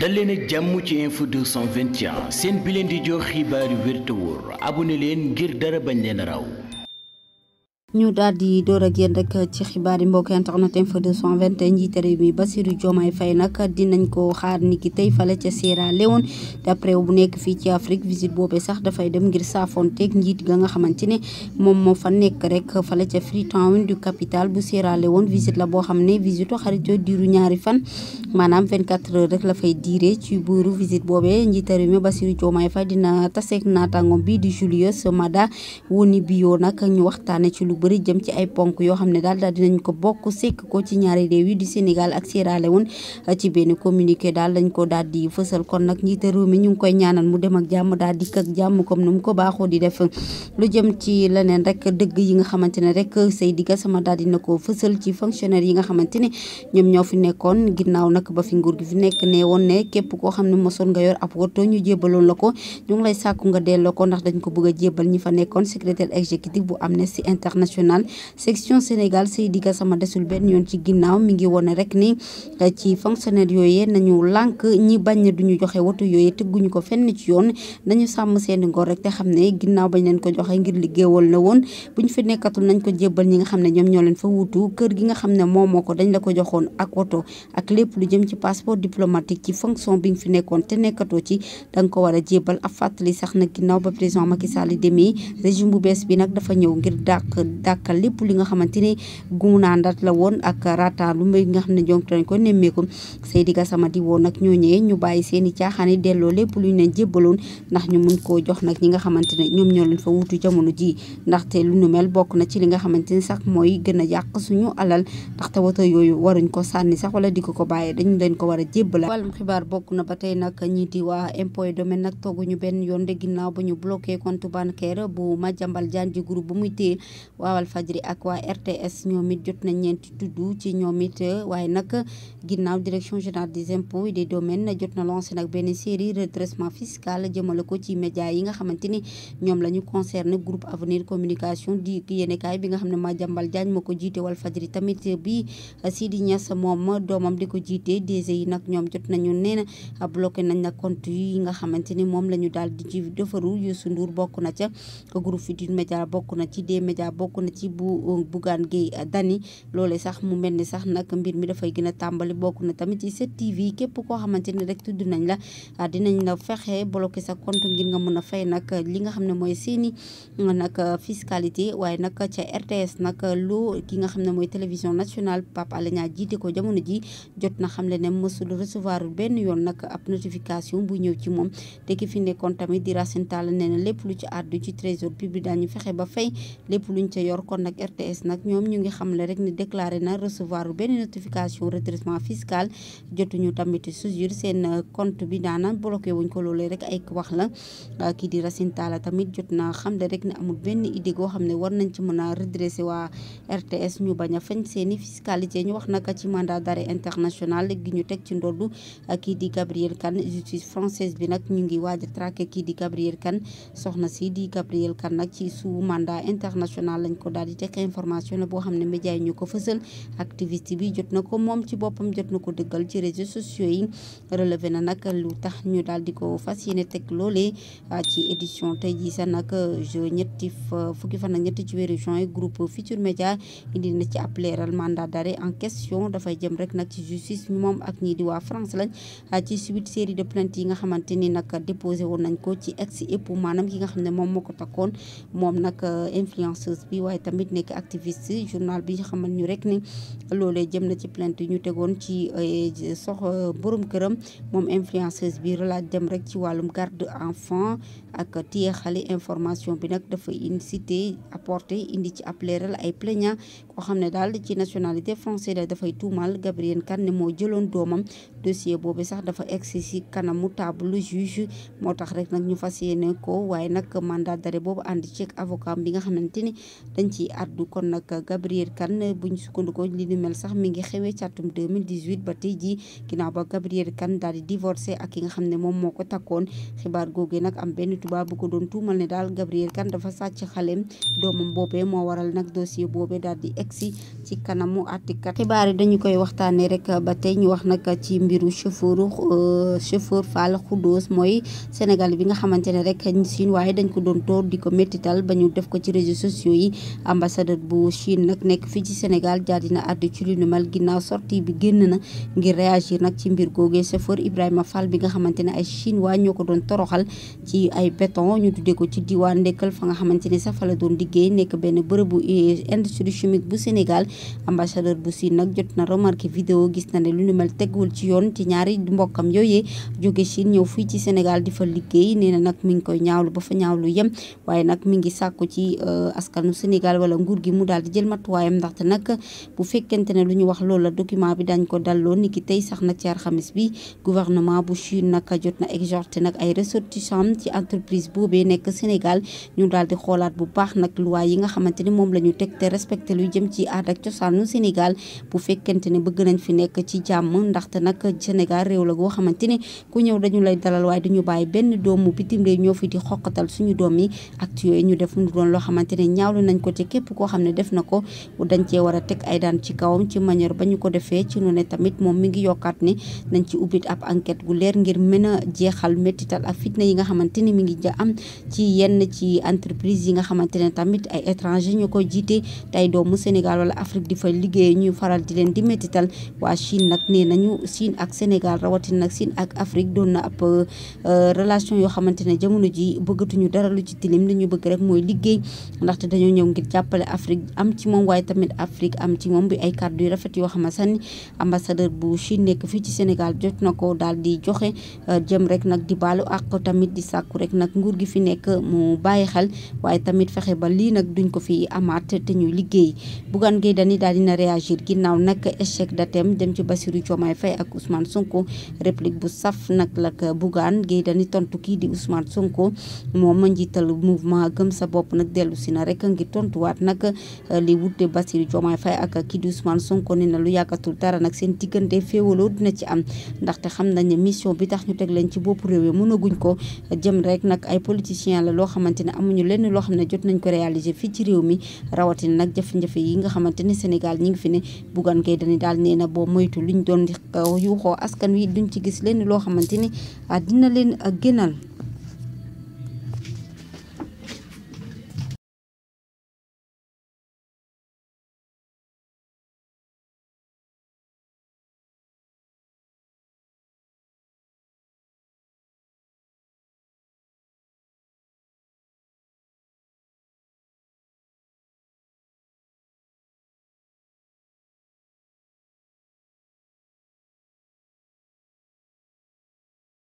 dal leen ak jàmm ci info 221 seen bi leen di jox xibaaru yu wér te leen ngir dara bañ leen raw ñu daal di door ak yéen rek ci xibaar yi mbokk internet info 221 njiité réew mi Bassirou Diomaye Faye nag dinañ ko bu nekk fii ci Afrique visite boobee sax dafay dem ngir saafonteeg njiit ga nga xamante ne moom moo fa nekk rek fale ca Freetown du capital bu Sierra Leone visite la boo xam ne visite xaritoo diiru ñaari fan maanaam 24 heures rek la fay diire ci buuru visite boobee njiité réew mi Bassirou Diomaye Faye dina taseeg naataangoom bi di Julius Maada Woni Bio nag ñu waxtaane ci lu bëri jëm ci ay ponk yoo xam ne daal daal dinañ ko ko ci ñaari réew yi rek dëgg yi nga xamante ne rek Seydi Gassama daal dina ko fësal ci fonctionnaire yi nga xamante ne ñoom ñoo fi nekkoon ginnaaw nag ba fi nguur gi fi nekk ne woon ne képp koo xam ne mosoon nga yor ab woto ñu jébaloon la ko ñu ngi lay sàkku nga delloo ko ndax dañ ko bëgg a ñi fa nekkoon secrétaire exécutif bu Amnesty International national section Sénégal Seydi Gassama desul benn yoon ci ginnaaw mi ngi wone rek ni eh, ci fonctionnaire yooyee nañu lànk ñi bañ na duñu joxe woto yooyee tëgguñu ko fenn ci yoon nañu sàmm seeni ngor rek te xam ne ginnaaw bañ leen ko joxe ngir liggéeyal na woon buñ fi nekkatul nañ ko jébbal ñi nga xam ne ñoom ñoo leen fa wutu kër gi nga xam ne moom moo ko dañ la ko joxoon ak woto ak lépp lu jëm ci passeport diplomatique ci fonction bi nga fi nekkoon te nekkatoo ci danga ko war a jébbal ab fàttali sax nag ginnaaw ba président Macky Sall demee régime bu bees bi nag dafa ñëw dàkkal lépp li nga xamante ne gumunaan dat la woon ak rataan lu mbéy nga xam ne jonk nañ ko nemmeeku Seydi Gassama di woon nag ñooñee ñu bàyyi seen i caaxaani delloo lépp lu luñ leen jébbaloon ndax ñu mun koo jox nag ñi nga xamante ne ñoom ñoo leen fa wutu jamono jii ndaxte lu nu mel bokk na ci li nga xamante ne sax mooy gën a yàq suñu alal ndaxte woto yooyu waruñ ko sànni sax wala di ko ko bàyyee dañu leen ko war a jébbala wàllum xibaar bokk na ba tey nag ñii di waa impôt domaine nag benn yoon de ginnaaw ba ñu bloqué compte bancaire bu Madiambal Diagne ji groupe bu muy téye waawal fajri ak waa RTS ñoom it jot nañ ñeenti tudd ci ñoom it waaye nag ginnaaw direction générale des impôts et des na jot na lancé nag benn série redressement fiscal jëmale ko ci média yi nga xamante ni ñoom la ñu concerné groupe avenir communication di yéenekaay bi nga xam ne jambal Diagne ma ko jiite faj fajri tamit bi Sidi Niass moom ma doomam di ko jiite DG yi nag ñoom jot nañu nee na bloqué nañ nag compte yi nga xamante ni moom la ñu daal di ci defaru Youssou Ndour bokk na ca groupe bokk na ci bu uh, Bougane Gueye uh, loole sax mu ni sax nag mbir mi dafay gën a tàmbali bokk na tamit ci 7TV képp koo xamante ni rek tudd nañ la uh, dinañ la fexe bloqué sa compte ngir nga mën a fay nag li nga xam ne mooy seeni nag fiscalité waaye nag ca RTS nag lu ki nga xam ne mooy télévision nationale Pape Alé Niang jiite ko jamono ji jot na xam le ne mësul recevoir benn yoon nag ab notification bu ñëw ci moom te ki fi nekkoon tamit di Racine Talla nee na lépp lu ci àddu ci trésor public ñu fexe ba fay lépp luñ ca yor kon nag RTS nag ñoom ñu ngi xamle rek ni déclaré na recevoir benn notification redressement fiscal jotuñu tamit susur seen euh, compte bi daana bloqué wuñ ko loolee rek ay wax la euh, kii di Racine tamit jot na xamle rek ne amul benn idée goo xam ne war nañ ci mën a redressé waa RTS ñu bañ a fañ seeni fiscalité ñu wax naka ci mandat d'arrêt international gi ñu teg ci ndoddu euh, kii di Gabriel Kane justice française bi nag ñu ngi waaj a kii di Gabriel Kane soxna si di lañ ko daal di teg information la boo xam ne média yi ñu ko fësal activiste bi jot na ko moom ci boppam jot na ko dëggal ci réseaux sociaux yi relevé na nag lu tax ñu daal di ko fas yéene teg loolee ah, ci édition te jii sax nag je ñetti fukki fa ak ñetti ci weeru juin groupe Futur Média indi na ci ab leeral mandat d'arrêt en question dafay jëm rek nag ci justice moom ak ñii di waa France lañ ah, ci suite série de plaintes yi nga xamante ni nag déposé woon nañ ko ci ex époux maanaam nga xam ne moom moo ko takkoon moom nag influenceuse waaye tamit nekk activiste journal bi xamal ñu rek ni loolee jëm na ci plainte ñu tegoon ci eh, sox boroom këram moom influenceuse bi relaaj dem rek ci wàllum garde enfant ak téye xale information bi nag dafa incité apporté indi ci ab ay plaignant koo xam ne daal ci nationalité français la dafay tuumal Gabrielle Kane ne moo jëloon doomam dossier boobu sax dafa egsi si kanamu table juge moo tax rek nag ñu fas yéene ko waaye nag mandat d'arrêt boobu ànd ceeg avocat bi nga xamante ni dañ ciy addu kon nag Gabrielle Kane buñ sukkandikoo li nu mel sax mi ngi xewee ci atum 2018 ba tey jii ginnaaw ba Gabrielle Kane daal di divorcé ak ki nga xam ne moom moo ko takkoon xibaar googee nag am benn tubaab bu ko doon tuumal ne daal Gabrielle Kane dafa sàcc xaleem doomam boobee moo waral nag dossier boobee daal di agsi ci kanamu àttikat xibaar yi dañu koy waxtaanee rek ba tey ñu wax nag ci mbiru chauffeur euh, chauffeur Fall Khoudous mooy Sénégal bi nga xamante ne rek Chine waaye dañ ko doon tóor ko méttital ba ñu def ko ci réseaux sociaux yi ambassadeur bu Chine nag nekk fii ci Sénégal jaar dina àddu ci lu nu ginnaaw sorti bi génn na ngir réagir nag ci mbir googee chauffeur Ibrahima Fall bi nga xamante ne ay chinois ñoo ko doon toroxal ci ay béton ñu tuddee ko ci diwaan ndekkal fa nga xamante ne sax la doon liggéey nekk benn bërëbu industrie chimique bu bu Sénégal ambassadeur bu Chine nag jot na remarqué vidéo gis na ne lu nu mel tegwul ci yoon ci ñaari mbokkam yooyee jóge Chine ñëw fii ci Sénégal di fa liggéey nee na nag mi ngi koy ñaawlu ba fa ñaawlu yem waaye nag mi ngi sàkku ci euh, askanu Sénégal wala nguur gi mu daal di jël matuwaayam ndaxte nag bu fekkente ne lu ñu wax loolu la document bi dañ ko dalloo niki tey sax nag ci alxamis bi gouvernement bu Chine nag jot na exhorté nag ay ressortissants ci entreprise boobee nekk Sénégal jëm ci aada ak cosaanu Sénégal bu fekkente ne bëgg nañ fi nekk ci jàmm ndaxte nag Sénégal réew la goo xamante ne ku ñëw dañu lay dalal waaye dañu bàyyi benn doomu bitim réew ñoo fi di xoqatal suñu doom yi ak yooyu ñu def mu doon loo xamante ne ñaawlu nañ ko ci képp koo xam ne def na ko dañ cee war a teg ay daan ci kawam ci manière ba ñu ko defee ci nu ne tamit moom mi ngi yokkaat ne nañ ci ubbit ab enquête gu leer ngir mën a jeexal méttital ak fitna yi nga xamante ne mi ngi ja am ci yenn ci entreprise yi nga xamante ne ñu ko jiite Sénégal wala Afrique di fa liggéey ñu faral di leen di métital waa Chine nag nee nañu Chine ak Sénégal rawatin nag Chine ak Afrique doon na ab euh, relation yoo xamante ne jamono ji bëggatuñu dara lu ci tilim li ñu bëgg rek mooy liggéey ndaxte dañoo ñëw ngir jàppale Afrique am ci moom waaye tamit Afrique am ci moom bi ay kàddu yu rafet yoo xamante ne ambassadeur bu Chine nekk fii ci Sénégal jot na ko daal di joxe euh, jëm rek nag di baalu ak tamit di sàkku rek nag nguur gi fi nekk mu bàyyi xel waaye tamit fexe ba lii nag duñ ko fi amaat te liggéey Bougane Gueye Dany daal dina réagir ginnaaw nag échec datem dem ci Bassirou Diomaye Faye ak Ousmane Sonko réplique bu saf nag lak Bougane Gueye Dany tontu kii di Ousmane Sonko moom njiital mouvement gëm sa bopp nag dellu si na rek ngir tontuwaat nag eh, li wute Bassirou Diomaye Faye ak kii di Ousmane Sonko ne na lu yàggatul dara nag seen diggante féewaloo dina ci am ndaxte xam nañ ne mission bi tax ñu teg leen ci boppu réew yi mënaguñ ko jëm rek nag ay politiciens la loo xamante ne amuñu lenn loo xam ne jot nañ ko réaliser fii ci réew mi rawatina nag jafe yi nga xamante ne Sénégal ñi ngi fi ne Bougane Gueye Dany daal nee na boo moytu ñu doon yuuxoo askan wi duñ ci gis lenn loo xamante ni ah, dina leen ak ah, gënal